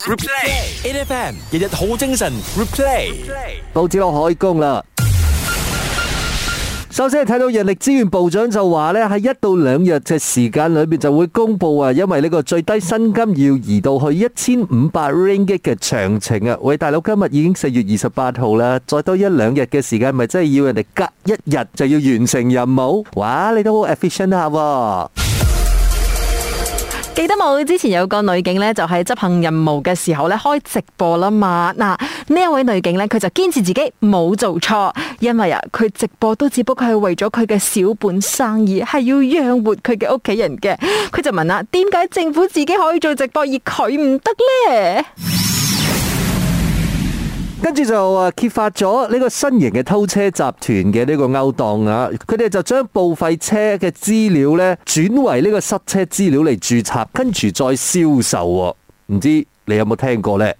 Replay AFM 日日好精神 Replay 報紙我開工啦首先係睇到人力資源部長就話呢喺一到兩日嘅時間裏面就會公布因為呢個最低薪金要移到去 1500Ringgit 嘅詳情 喂大佬今日已經4月28號啦再多一兩日嘅時間咪真係要人哋隔一日就要完成任務哇你都好 efficient 下記得冇，之前有個女警呢，就喺執行任務嘅時候呢，開直播啦嘛。嗱，呢一位女警呢，佢就堅持自己冇做錯，因為啊，佢直播都只不過係為咗佢嘅小本生意，係要養活佢嘅屋企人嘅。佢就問啦：點解政府自己可以做直播而佢唔得呢？」跟住就啊揭發咗呢個新型嘅偷車集團嘅呢個勾當啊！佢哋就將報廢車嘅資料呢轉為呢個失車資料嚟註冊，跟住再銷售。唔知你有冇聽過呢？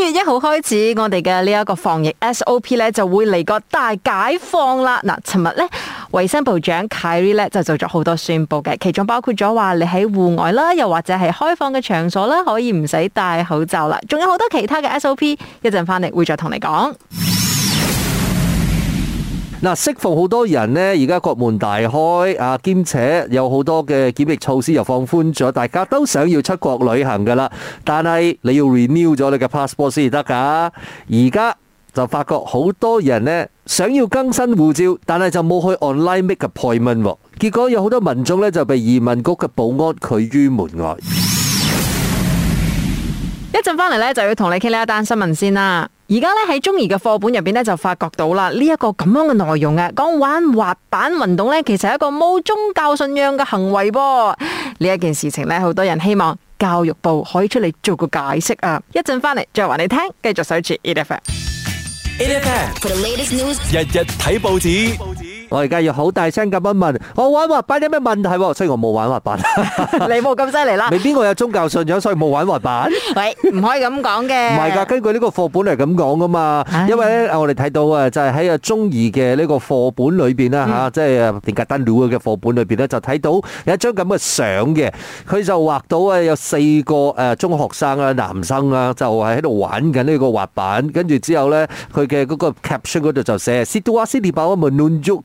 五月一號開始，我哋嘅呢一個防疫 SOP 咧就會嚟個大解放啦！嗱，尋日咧衛生部長 Khairy 咧就做咗好多宣布嘅，其中包括咗話你喺戶外啦，又或者係開放嘅場所啦，可以唔使戴口罩啦，仲有好多其他嘅 SOP，一陣翻嚟會再同你講。嗱、啊，適逢好多人呢，而家國門大開，啊兼且有好多嘅檢疫措施又放寬咗，大家都想要出國旅行噶啦。但係你要 renew 咗你嘅 passport 先得㗎。而家就發覺好多人呢，想要更新護照，但係就冇去 online make appointment，結果有好多民眾呢就被移民局嘅保安拒於門外。一陣翻嚟咧，就要同你傾呢一單新聞先啦。而家咧，喺中二嘅課本入邊咧，就發覺到啦呢一個咁樣嘅內容啊，講玩滑板運動咧，其實係一個冇宗教信仰嘅行為噃。呢一件事情咧，好多人希望教育部可以出嚟做個解釋啊。一陣翻嚟再話你聽，繼續收住。In effect，In effect，日日睇報紙。我而家要好大聲咁樣問，我玩滑板有咩問題？雖然我冇玩滑板。你冇咁犀利啦！你邊個有宗教信仰，所以冇玩滑板。喂，唔可以咁講嘅。唔係噶，根據呢個課本嚟，咁講噶嘛。因為咧，我哋睇到啊，就係喺啊中二嘅呢個課本裏邊啦吓，即係啊《田格登鳥》嘅課本裏邊咧，就睇到有一張咁嘅相嘅，佢就畫到啊有四個誒中學生啊男生啊，就係喺度玩緊呢個滑板，跟住之後咧，佢嘅嗰個 caption 嗰度就寫 City 話 City 包啊，唔滿足。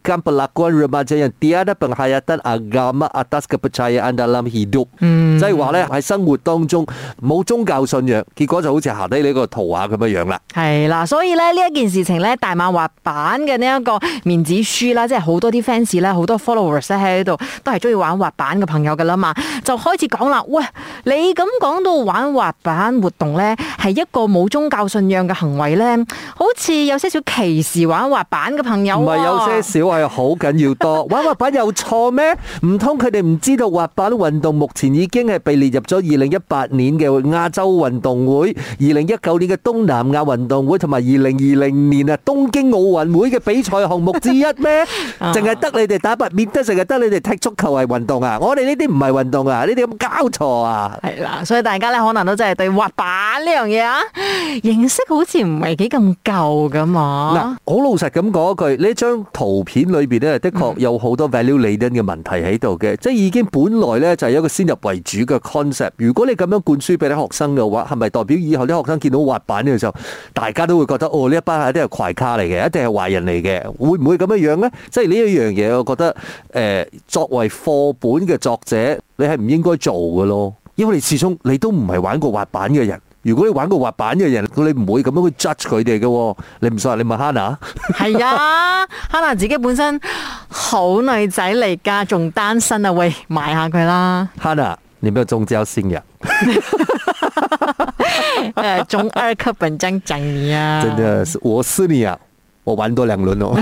嗯、即係話咧，喺生活當中冇宗教信仰，結果就好似下低呢個圖畫咁樣樣啦。係啦，所以咧呢一件事情咧，大馬滑板嘅呢一個面子書啦，即係好多啲 fans 啦，好多 followers 咧喺度都係中意玩滑板嘅朋友嘅啦嘛，就開始講啦。喂，你咁講到玩滑板活動咧，係一個冇宗教信仰嘅行為咧，好似有些少歧視玩滑板嘅朋友，啊。唔係有些少好緊要，多玩滑板有錯咩？唔通佢哋唔知道滑板運動目前已經係被列入咗二零一八年嘅亞洲運動會、二零一九年嘅東南亞運動會同埋二零二零年啊東京奧運會嘅比賽項目之一咩？淨係得你哋打板，變得淨係得你哋踢足球係運動啊！我哋呢啲唔係運動啊！呢啲咁交錯啊！係啦，所以大家咧可能都真係對滑板呢樣嘢啊，認識好似唔係幾咁夠噶嘛？嗱，好老實咁講一句，呢張圖片。裏邊咧的確有好多 value-laden 嘅問題喺度嘅，即係已經本來咧就係一個先入為主嘅 concept。如果你咁樣灌輸俾啲學生嘅話，係咪代表以後啲學生見到滑板嘅時候，大家都會覺得哦，呢一班係都係怪咖嚟嘅，一定係壞人嚟嘅，會唔會咁樣樣咧？即係呢一樣嘢，我覺得誒、呃，作為課本嘅作者，你係唔應該做嘅咯，因為你始終你都唔係玩過滑板嘅人。如果你玩個滑板嘅人，你唔會咁樣去 judge 佢哋嘅。你唔信？你問 Hannah。係啊，Hannah 自己本身好女仔嚟噶，仲單身啊，喂，賣下佢啦。Hannah，你有冇中招先嘅？誒，中二課本將你啊！真係，我是你啊，我玩多兩輪哦。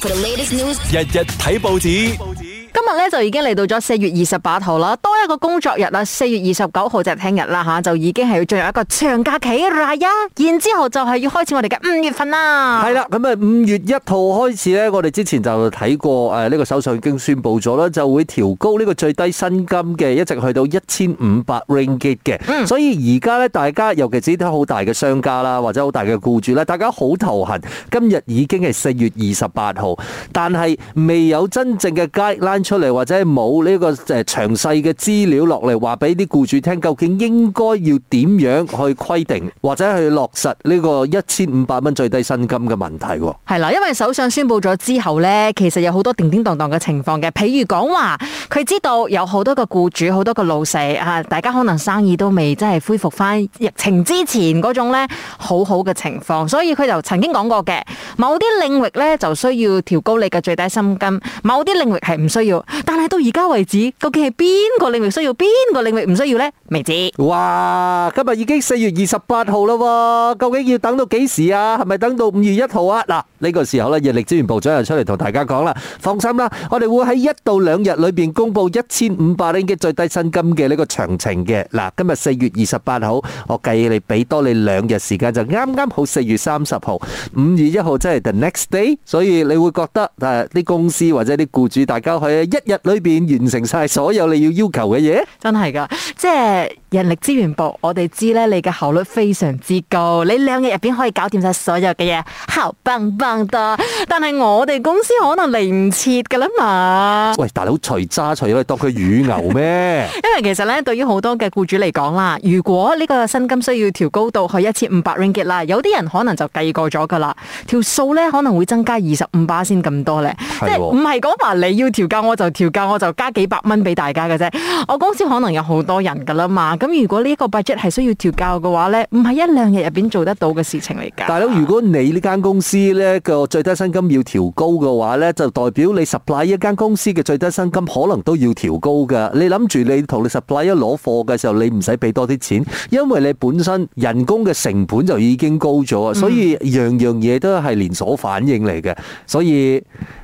For the latest news，日日睇報紙。今日咧，就已經嚟到咗四月二十八號啦，多一個工作日啦。四月二十九號就係聽日啦吓，就已經係要進入一個長假期啦。然之後就係要開始我哋嘅五月份啦。係啦，咁啊，五月一號開始呢？我哋之前就睇過誒，呢、這個首相已經宣布咗啦，就會調高呢個最低薪金嘅，一直去到一千五百 ringgit 嘅。所以而家呢，大家尤其啲好大嘅商家啦，或者好大嘅僱主啦，大家好頭痕。今日已經係四月二十八號，但係未有真正嘅街出嚟或者冇呢個誒詳細嘅資料落嚟話俾啲僱主聽，究竟應該要點樣去規定或者去落實呢個一千五百蚊最低薪金嘅問題？係啦，因為首相宣佈咗之後咧，其實有好多叮叮噹噹嘅情況嘅，譬如講話佢知道有好多個僱主、好多個老細啊，大家可能生意都未真係恢復翻疫情之前嗰種咧好好嘅情況，所以佢就曾經講過嘅，某啲領域咧就需要調高你嘅最低薪金，某啲領域係唔需要。但係到而家為止，究竟係邊個領域需要，邊個領域唔需要咧？未知。哇，今日已經四月二十八號啦，究竟要等到幾時啊？係咪等到五月一號啊？嗱，呢個時候咧，人力資源部長又出嚟同大家講啦。放心啦，我哋會喺一到兩日裏邊公布一千五百令吉嘅最低薪金嘅呢個詳情嘅。嗱，今日四月二十八號，我計你俾多你兩日時間，就啱啱好四月三十號、五月一號，即係 the next day。所以你會覺得誒，啲公司或者啲雇主，大家可以。一日裏邊完成晒所有你要要求嘅嘢，真係噶，即係。人力資源部，我哋知咧，你嘅效率非常之高，你兩日入邊可以搞掂晒所有嘅嘢，好棒棒多。但係我哋公司可能嚟唔切噶啦嘛。喂，大佬，除渣除咗你當佢乳牛咩？ 因為其實咧，對於好多嘅僱主嚟講啦，如果呢個薪金需要調高到去一千五百 ringgit 啦，有啲人可能就計過咗噶啦，條數咧可能會增加二十五巴先咁多咧。即係唔係講話你要調價我就調價，我就加幾百蚊俾大家嘅啫。我公司可能有好多人噶啦嘛。咁如果呢一個 budget 係需要調校嘅話咧，唔係一兩日入邊做得到嘅事情嚟噶。大佬，如果你呢間公司呢個最低薪金要調高嘅話咧，就代表你 supply 一間公司嘅最低薪金可能都要調高噶。你諗住你同你 supply 一攞貨嘅時候，你唔使俾多啲錢，因為你本身人工嘅成本就已經高咗啊。所以樣樣嘢都係連鎖反應嚟嘅。所以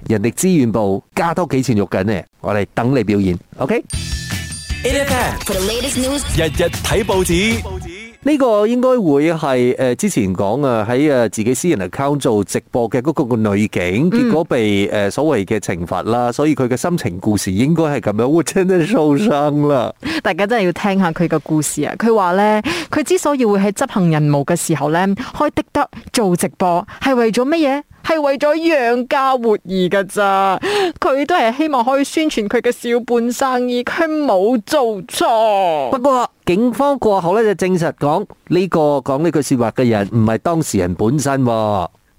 人力資源部加多幾錢肉緊咧，我哋等你表演，OK？Pan, for the news, 日日睇報紙，呢、這個應該會係誒、呃、之前講啊喺誒自己私人 account 做直播嘅嗰個個女警，結果被誒、呃、所謂嘅懲罰啦，所以佢嘅心情故事應該係咁樣 t 真 o 受傷啦。大家真係要聽一下佢嘅故事啊！佢話咧，佢之所以會喺執行任務嘅時候咧開滴得做直播，係為咗乜嘢？係為咗養家活兒噶咋，佢都係希望可以宣傳佢嘅小本生意，佢冇做錯。不過警方過後咧就證實講呢個講呢句說話嘅人唔係當事人本身。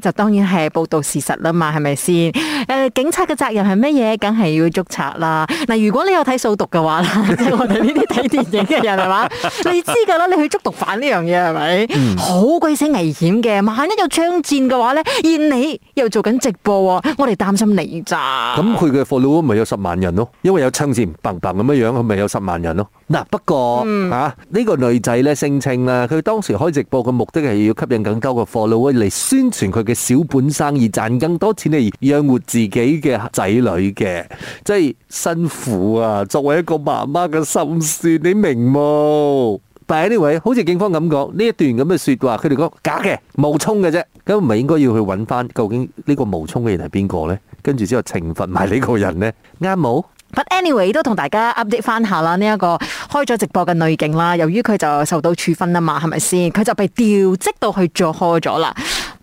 就當然係報道事實啦嘛，係咪先？誒、呃，警察嘅責任係乜嘢？梗係要捉賊啦。嗱，如果你有睇掃毒嘅話，即 係我哋呢啲睇電影嘅人係嘛？ 你知㗎啦，你去捉毒犯呢樣嘢係咪？好鬼、嗯、死危險嘅，萬一有槍戰嘅話咧，而你又做緊直播，我哋擔心你咋？咁佢嘅 followers 咪有十萬人咯，因為有槍戰，bang bang 咁樣樣，咪有十萬人咯。嗱、啊，不過嚇呢、嗯啊這個女仔咧聲稱啦，佢、啊、當時開直播嘅目的係要吸引更多嘅貨路嚟宣傳佢嘅小本生意，賺更多錢嚟養活自己嘅仔女嘅，即係辛苦啊！作為一個媽媽嘅心酸，你明冇？但係呢位好似警方咁講呢一段咁嘅說話，佢哋講假嘅冒充嘅啫，咁唔係應該要去揾翻究竟呢個冒充嘅人係邊個呢？跟住之後懲罰埋呢個人呢？啱 冇、嗯？嗯嗯 But anyway，都同大家 update 翻下啦，呢一個開咗直播嘅女警啦，由於佢就受到處分啦嘛，係咪先？佢就被調職到去做開咗啦。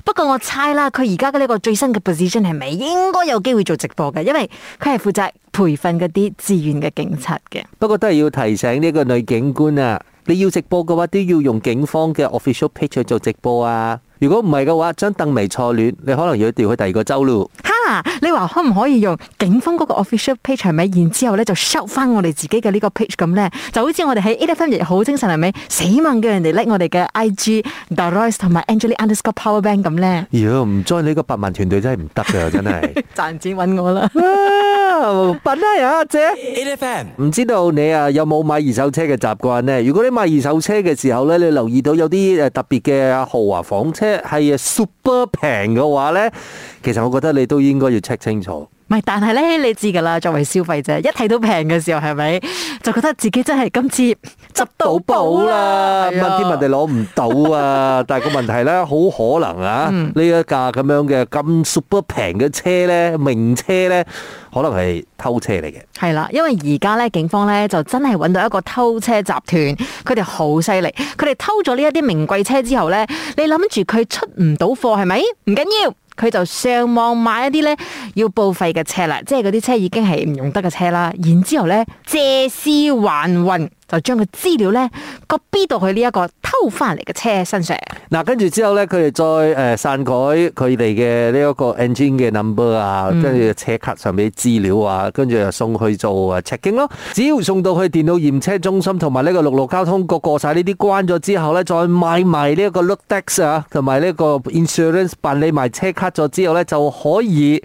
不過我猜啦，佢而家嘅呢個最新嘅 position 係咪應該有機會做直播嘅？因為佢係負責培訓嗰啲志願嘅警察嘅。不過都係要提醒呢個女警官啊，你要直播嘅話都要用警方嘅 official page 去做直播啊。如果唔係嘅話，張凳未坐暖，你可能要調去第二個州嚕。哈、啊！你話可唔可以用警方嗰個 official page 係咪？然之後咧就 show 翻我哋自己嘅呢個 page 咁咧，就好似我哋喺 A Day Sunday 好精神係咪？死問嘅人哋 like 我哋嘅 IG Doris 同埋 Angeli underscore Power Bank 咁咧。如果唔在你個百萬團隊真係唔得㗎，真係。賺錢揾我啦。 啊，品啊，阿姐，唔知道你啊有冇買二手車嘅習慣呢？如果你買二手車嘅時候咧，你留意到有啲誒特別嘅豪華房車係 super 平嘅話呢，其實我覺得你都應該要 check 清楚。唔係，但係咧，你知噶啦。作為消費者，一睇到平嘅時候，係咪就覺得自己真係今次執到寶啦？問天問地攞唔到啊？到 但係個問題咧，好可能啊，呢、嗯、一架咁樣嘅咁 super 平嘅車咧，名車咧，可能係偷車嚟嘅。係啦，因為而家咧，警方咧就真係揾到一個偷車集團，佢哋好犀利，佢哋偷咗呢一啲名貴車之後咧，你諗住佢出唔到貨，係咪？唔緊要，要。佢就上網買一啲咧要報廢嘅車啦，即係嗰啲車已經係唔用得嘅車啦，然之後咧借屍還魂。就將個資料咧個逼到去呢一個偷翻嚟嘅車身上。嗱，跟住之後咧，佢哋再誒篡改佢哋嘅呢一個 engine 嘅 number 啊，跟住車卡上面啲資料啊，跟住又送去做啊 checking 咯。只要送到去電腦驗車中心同埋呢個陸路交通局過晒呢啲關咗之後咧，再買埋呢一個 lookdex 啊，同埋呢個 insurance 辦理埋車卡咗之後咧，就可以。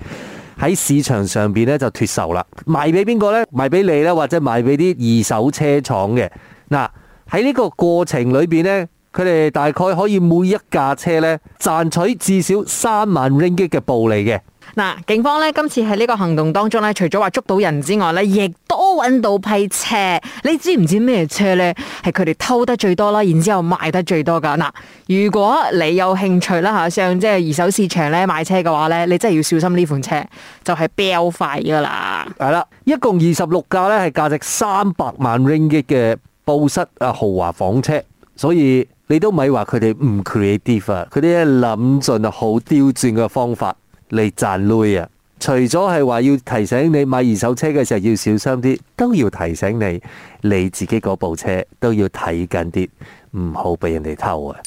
喺市場上邊咧就脫售啦，賣俾邊個呢？賣俾你呢？或者賣俾啲二手車廠嘅。嗱，喺呢個過程裏邊呢，佢哋大概可以每一架車呢，賺取至少三萬 ringgit 嘅暴利嘅。嗱，警方咧今次喺呢個行動當中咧，除咗話捉到人之外咧，亦都揾到批車。你知唔知咩車咧？係佢哋偷得最多啦，然之後賣得最多噶。嗱，如果你有興趣啦吓，上即係二手市場咧買車嘅話咧，你真係要小心呢款車，就係飆快噶啦。係啦，一共二十六架咧，係價值三百萬 Ringgit 嘅布室啊豪華房車。所以你都咪話佢哋唔 creative 啊？佢哋諗盡好刁鑽嘅方法。嚟賺累啊！除咗係話要提醒你買二手車嘅時候要小心啲，都要提醒你你自己嗰部車都要睇緊啲，唔好俾人哋偷啊！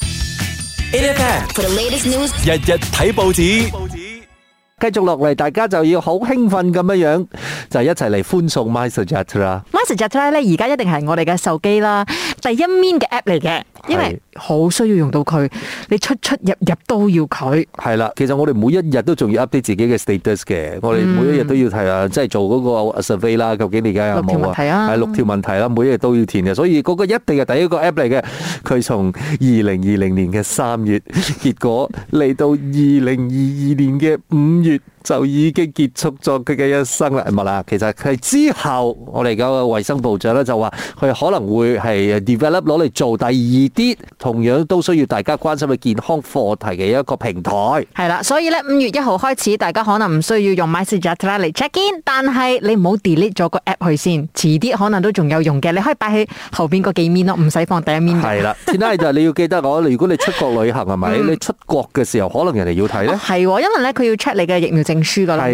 日日睇報紙，繼續落嚟，大家就要好興奮咁樣樣，就一齊嚟歡送 MySejahtera 啦！MySejahtera 咧而家一定係我哋嘅手機啦，第一面嘅 app 嚟嘅，因為，好需要用到佢，你出出入入都要佢。係啦，其實我哋每一日都仲要 update 自己嘅 status 嘅、嗯，我哋每一日都要睇啊，即係做嗰個 survey 啦。究竟你而家有冇啊？係六條問題啦，每一日都要填嘅，所以嗰個一定係第一個 app 嚟嘅。佢從二零二零年嘅三月，結果嚟到二零二二年嘅五月。 就已經結束咗佢嘅一生啦，唔係啦。其實佢之後，我哋個衛生部長咧就話佢可能會係 develop 攞嚟做第二啲同樣都需要大家關心嘅健康課題嘅一個平台。係啦，所以咧五月一號開始，大家可能唔需要用 MySejahtera 啦嚟 check in，但係你唔好 delete 咗個 app 去先，遲啲可能都仲有用嘅。你可以擺喺後邊個幾面咯，唔使放第一面。係啦，最緊要就你要記得我，如果你出國旅行係咪、嗯？你出國嘅時候可能人哋要睇咧。係、哦、喎，因為咧佢要 check 你嘅疫苗證。係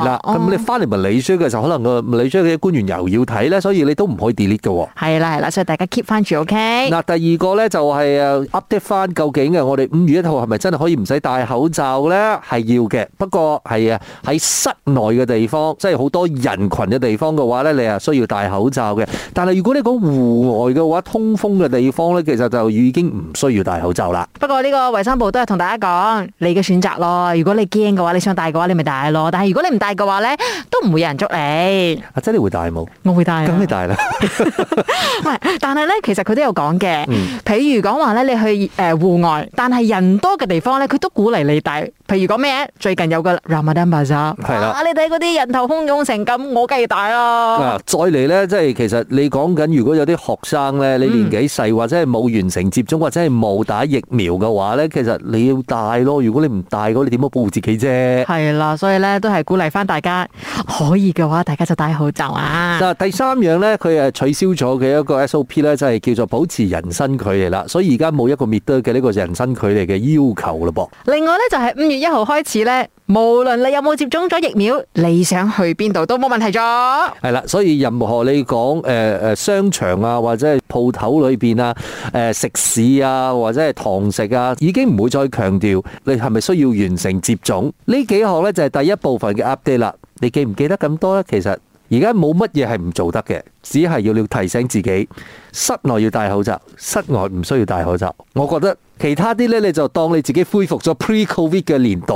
啦，咁 你翻嚟咪理書嘅時候，可能個理書嘅官員又要睇咧，所以你都唔可以 delete 嘅、哦。係啦係啦，所以大家 keep 翻住。OK。嗱，第二個咧就係、誒、update 翻究竟嘅，我哋五月一號係咪真係可以唔使戴口罩咧？係要嘅，不過係啊，喺室內嘅地方，即係好多人群嘅地方嘅話咧，你啊需要戴口罩嘅。但係如果你講戶外嘅話，通風嘅地方咧，其實就已經唔需要戴口罩啦。不過呢個衛生部都係同大家講，你嘅選擇咯。如果你驚嘅話，你想戴嘅話，你咪戴咯。但係如果你唔戴嘅話咧，都唔會有人捉你。阿、啊、姐你會戴冇？我會戴、啊。咁你戴啦。唔 但係咧，其實佢都有講嘅、嗯。譬如講話咧，你去誒戶外，但係人多嘅地方咧，佢都鼓勵你戴。譬如講咩？最近有個 Ramadan 嘅、啊、咋，吓、啊、你睇嗰啲人頭洶湧成咁，我梗係戴啦。嗱、啊，再嚟咧，即係其實你講緊，如果有啲學生咧，你年紀細、嗯、或者係冇完成接種或者係冇打疫苗嘅話咧，其實你要戴咯。如果你唔戴，你點樣保護自己啫？係啦，所以咧。都係鼓勵翻大家，可以嘅話，大家就戴口罩啊！第三樣呢，佢誒取消咗嘅一個 SOP 呢，就係叫做保持人身距離啦，所以而家冇一個滅得嘅呢個人身距離嘅要求咯噃。另外呢，就係、是、五月一號開始呢，無論你有冇接種咗疫苗，你想去邊度都冇問題咗。係啦，所以任何你講誒誒商場啊，或者係鋪頭裏邊啊，誒、呃、食肆啊，或者係堂食啊，已經唔會再強調你係咪需要完成接種呢幾項呢，就係第一。部分嘅 update 啦，你記唔記得咁多咧？其實而家冇乜嘢係唔做得嘅，只係要你提醒自己，室內要戴口罩，室外唔需要戴口罩。我覺得。其他啲咧，你就當你自己恢復咗 pre-Covid 嘅年代，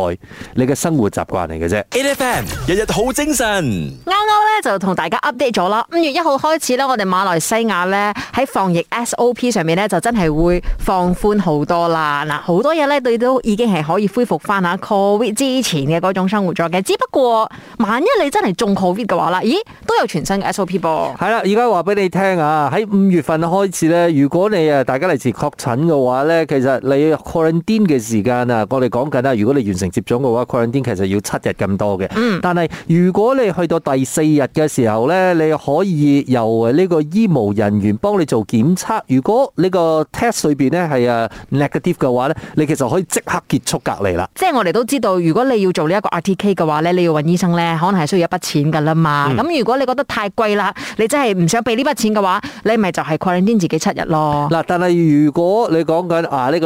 你嘅生活習慣嚟嘅啫。a f m 日日好精神，啱啱咧就同大家 update 咗啦。五月一號開始咧，我哋馬來西亞咧喺防疫 SOP 上面咧就真係會放寬好多啦。嗱，好多嘢咧你都已經係可以恢復翻下 Covid 之前嘅嗰種生活咗嘅。只不過萬一你真係中 Covid 嘅話啦，咦，都有全新嘅 SOP 噃。係啦，而家話俾你聽啊，喺五月份開始咧，如果你啊大家嚟自確診嘅話咧，其實你 quarantine 嘅時間啊，我哋講緊啊，如果你完成接種嘅話，quarantine 其實要七日咁多嘅。嗯。但係如果你去到第四日嘅時候咧，你可以由呢個醫務人員幫你做檢測。如果呢個 test 裏面咧係啊 negative 嘅話咧，你其實可以即刻結束隔離啦。即係我哋都知道，如果你要做呢一個 RTK 嘅話咧，你要揾醫生咧，可能係需要一筆錢噶啦嘛。咁、嗯、如果你覺得太貴啦，你真係唔想俾呢筆錢嘅話，你咪就係 quarantine 自己七日咯。嗱，但係如果你講緊啊呢個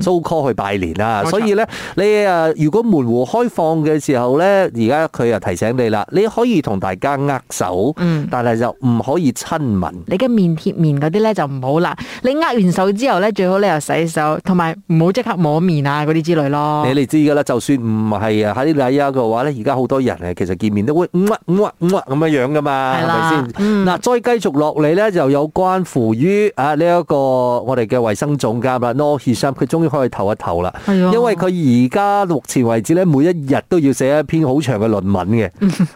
租 call 去拜年啦，所以咧你啊，如果門戶開放嘅時候咧，而家佢又提醒你啦，你可以同大家握手，但係就唔可以親吻。你嘅面貼面嗰啲咧就唔好啦。你握完手之後咧，最好你又洗手，同埋唔好即刻摸面啊嗰啲之類咯。你哋知㗎啦，就算唔係啊喺禮啊嘅話咧，而家好多人其實見面都會握握握咁嘅樣㗎嘛，係咪先？嗱、嗯，再繼續落嚟咧，就有關乎於啊呢一個我哋嘅衞生總監啦 Noor Hisham 終於可以唞一唞啦，因為佢而家目前為止咧，每一日都要寫一篇好長嘅論文嘅，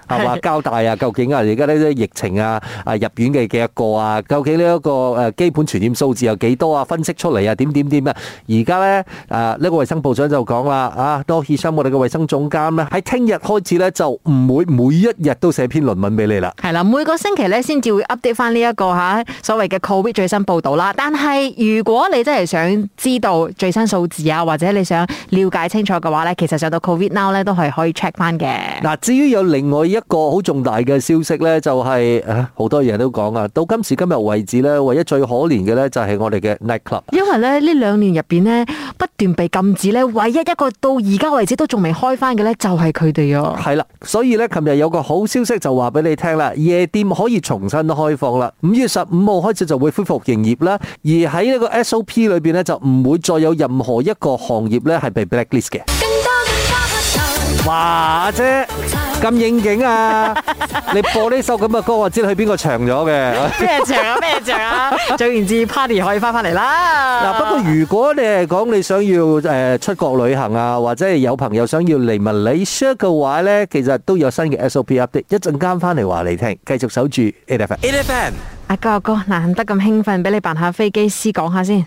係嘛？交代啊，究竟啊，而家咧啲疫情啊，啊入院嘅幾多個啊，究竟呢一個誒基本傳染數字有幾多啊？分析出嚟啊，點點點啊！而家咧，誒呢個衞生部長就講啦，啊，多協商我哋嘅衞生總監咧，喺聽日開始咧就唔會每一日都寫篇論文俾你啦。係啦，每個星期咧先至會 update 翻呢一個嚇所謂嘅 COVID 最新報導啦。但係如果你真係想知道，最新數字啊，或者你想了解清楚嘅話咧，其實上到 Covid Now 咧都係可以 check 翻嘅。嗱，至於有另外一個好重大嘅消息咧，就是，就係好多嘢都講啊，到今時今日為止咧，唯一最可憐嘅咧就係我哋嘅 night club。因為咧呢兩年入面呢，不斷被禁止咧，唯一一個到而家為止都仲未開翻嘅咧就係佢哋咯。係啦，所以咧琴日有個好消息就話俾你聽啦，夜店可以重新開放啦，五月十五號開始就會恢復營業啦。而喺呢個 SOP 裏邊咧就唔會再有。任何一個行業咧係被 blacklist 嘅。哇，阿姐咁應景啊！你播呢首咁嘅歌，我知你去邊個場咗嘅？咩場啊？咩場啊？做完節 party 可以翻返嚟啦。嗱，不過如果你係講你想要誒出國旅行啊，或者係有朋友想要嚟問你 share 嘅話咧，其實都有新嘅 SOP update。一陣間翻嚟話你聽，繼續守住 Ai FM。Ai FM，阿哥阿哥，難得咁興奮，俾你扮下飛機師，講下先。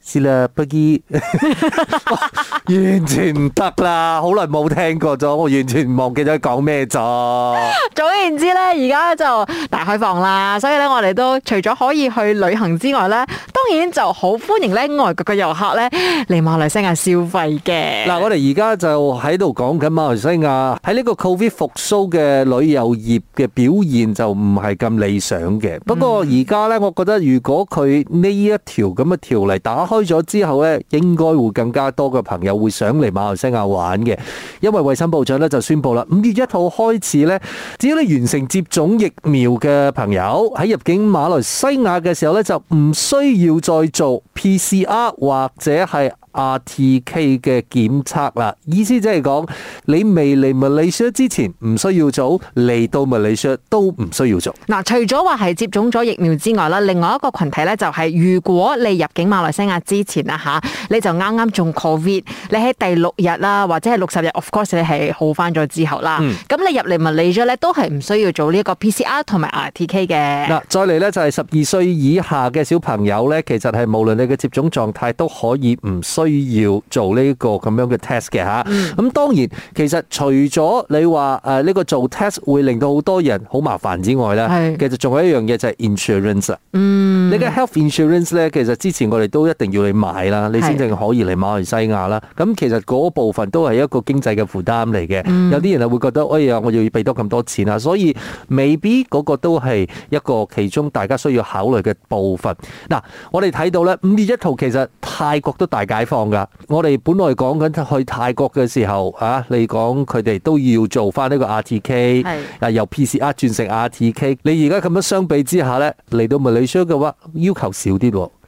完全唔得啦，好耐冇聽過咗，我完全唔忘記咗講咩咗。總言之咧，而家就大開放啦，所以咧我哋都除咗可以去旅行之外咧，當然就好歡迎呢外國嘅遊客咧嚟馬來西亞消費嘅。嗱，我哋而家就喺度講緊馬來西亞喺呢個 COVID 復甦嘅旅遊業嘅表現就唔係咁理想嘅，嗯。不過而家呢，我覺得如果佢呢一條咁嘅條例打，開咗之後咧，應該會更加多嘅朋友會想嚟馬來西亞玩嘅，因為衛生部長咧就宣布啦，五月一號開始咧，只要你完成接種疫苗嘅朋友喺入境馬來西亞嘅時候咧，就唔需要再做 PCR 或者係 RTK 嘅檢測啦。意思即係講你未嚟馬來西亞之前，唔需要做；嚟到馬來西亞都唔需要做。嗱，除咗話係接種咗疫苗之外啦，另外一個群體呢，就係如果你入境馬來西亞，之前啦吓，你就啱啱中 COVID，你喺第六日啦，或者係六十日，of course 你係好翻咗之後啦。咁、嗯、你入嚟馬來西亞咗咧，都係唔需要做呢個 PCR 同埋 RTK 嘅。嗱，再嚟咧就係十二歲以下嘅小朋友咧，其實係無論你嘅接種狀態都可以唔需要做呢個咁樣嘅 test 嘅吓。咁、嗯、當然，其實除咗你話誒呢個做 test 會令到好多人好麻煩之外咧，其實仲有一樣嘢就係 insurance。嗯，你嘅 health insurance 咧，其實之前我哋都一定。要你買啦，你先至可以嚟馬來西亞啦。咁其實嗰部分都係一個經濟嘅負擔嚟嘅。嗯、有啲人係會覺得，哎呀，我要俾多咁多錢啊。所以未必嗰個都係一個其中大家需要考慮嘅部分。嗱，我哋睇到咧，五月一號其實泰國都大解放噶。我哋本來講緊去泰國嘅時候啊，你講佢哋都要做翻呢個 RTK，係啊，由 PCR 轉成 RTK。你而家咁樣相比之下咧，嚟到馬來西亞嘅話，要求少啲喎。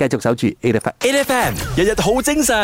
繼續守住 A F M，A F M 日日好精神。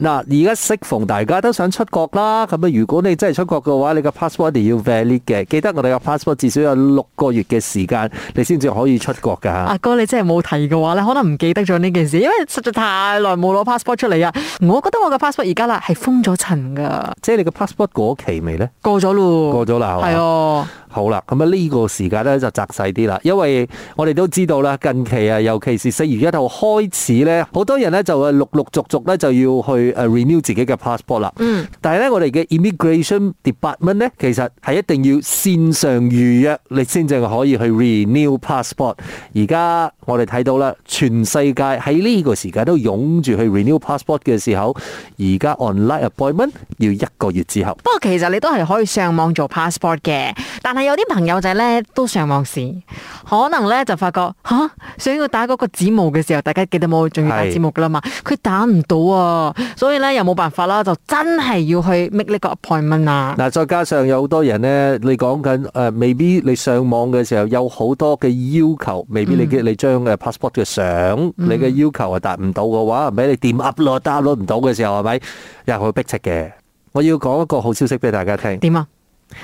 嗱，而家適逢大家都想出國啦，咁啊，如果你真係出國嘅話，你個 passport 要 valid 嘅。記得我哋個 passport 至少有六個月嘅時間，你先至可以出國噶。阿哥，你真係冇提嘅話咧，可能唔記得咗呢件事，因為實在太耐冇攞 passport 出嚟啊。我覺得我嘅 passport 而家啦係封咗塵噶。即係你嘅 passport 過期未咧？過咗咯，過咗啦，係哦。好啦，咁啊呢個時間咧就窄細啲啦，因為我哋都知道啦，近期啊，尤其是四月一號開始咧，好多人咧就會陸陸續續咧就要去誒 renew 自己嘅 passport 啦。嗯，但係咧我哋嘅 Immigration Department 咧，其實係一定要線上預約你先至可以去 renew passport。而家。我哋睇到啦，全世界喺呢個時間都擁住去 renew passport 嘅時候，而家 online appointment 要一個月之後。不過其實你都係可以上網做 passport 嘅，但係有啲朋友仔咧都上網時，可能咧就發覺吓、啊，想要打嗰個指模嘅時候，大家記得冇，仲要打指模噶啦嘛，佢打唔到啊，所以咧又冇辦法啦，就真係要去 make 呢個 appointment 啊。嗱，再加上有好多人咧，你講緊誒，未必你上網嘅時候有好多嘅要求，未必你你將。嗯嘅 passport 嘅相，你嘅要求係達唔到嘅話，俾你掂 up 咯，download 唔到嘅時候係咪又係好逼切嘅？我要講一個好消息俾大家聽。點啊？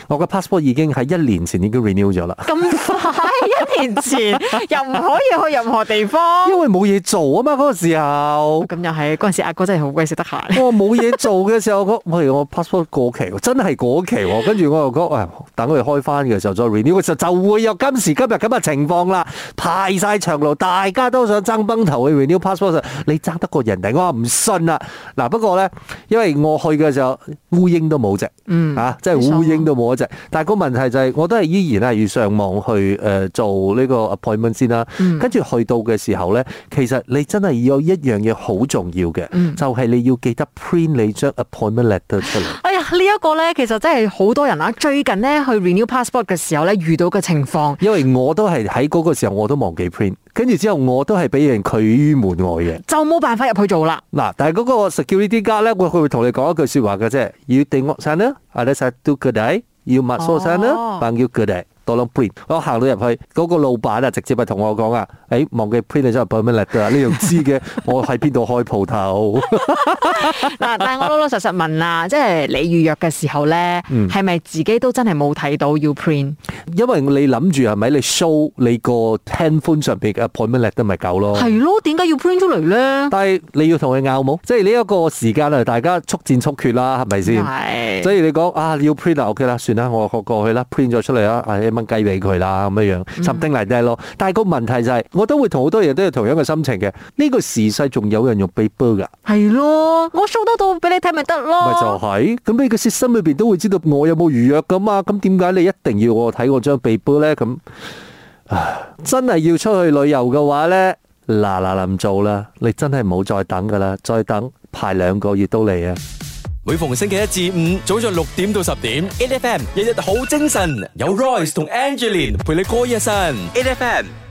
我嘅 passport 已經喺一年前已經 renew 咗啦。咁快？ 一年前又唔可以去任何地方， 因為冇嘢做啊嘛嗰、那個時候。咁、哦、又係嗰陣時阿哥真係好鬼死得閒。我冇嘢做嘅時候，我哋、哎、我 passport 過期，真係過期，跟住我又講，誒、哎，等佢開翻嘅時候再 renew 嘅時候，就會有今時今日咁嘅情況啦。排晒長路，大家都想爭崩頭去 renew passport，你爭得過人哋？我話唔信啦嗱，不過咧，因為我去嘅時候烏蠅都冇隻，嗯，吓、啊，即係烏蠅都冇一隻。但係個問題就係、是，我都係依然係要上網去誒。呃做呢個 appointment 先啦，跟住去到嘅時候咧，其實你真係有一樣嘢好重要嘅，就係你要記得 print 你張 appointment letter 出嚟。哎呀，呢一個咧，其實真係好多人啊，最近咧去 renew passport 嘅時候咧遇到嘅情況。因為我都係喺嗰個時候，我都忘記 print，跟住之後我都係俾人拒於門外嘅，就冇辦法入去做啦。嗱，但係嗰個 security guard 咧，佢會同你講一句說話嘅啫。要 You 定 a d o good d a y o u 要 good day？」我行到入去，嗰、那個老闆啊，直接咪同我講啊，誒、哎，忘記 print 出嚟 appointment letter 你又知嘅， 我喺邊度開鋪頭。嗱， 但係我老老實實問啊，即係你預約嘅時候咧，係咪自己都真係冇睇到要 print？、嗯、因為你諗住係咪你 show 你個 handphone 上邊嘅 appointment letter 都咪夠咯？係咯，點解要 print 出嚟咧？但係你要同佢拗冇，即係呢一個時間啊，大家速戰速決啦，係咪先？係，所以你講啊，你要 print 啦，OK 啦，算啦，我過過去啦，print 咗出嚟啦，問計俾佢啦，咁樣樣，沉澱嚟低咯。但係個問題就係，我都會同好多嘢都有同樣嘅心情嘅。呢個時勢仲有人用備杯噶，係咯，我 show 得到俾你睇咪得咯。咪就係，咁你個設心裏邊都會知道我有冇預約噶嘛？咁點解你一定要我睇我張備杯咧？咁啊，真係要出去旅遊嘅話咧，嗱嗱臨做啦，你真係唔好再等噶啦，再等排兩個月都嚟啊！每逢星期一至五，早上六點到十點，A F M 日日好精神，有 Royce 同 Angeline 陪你過一晨，A F M。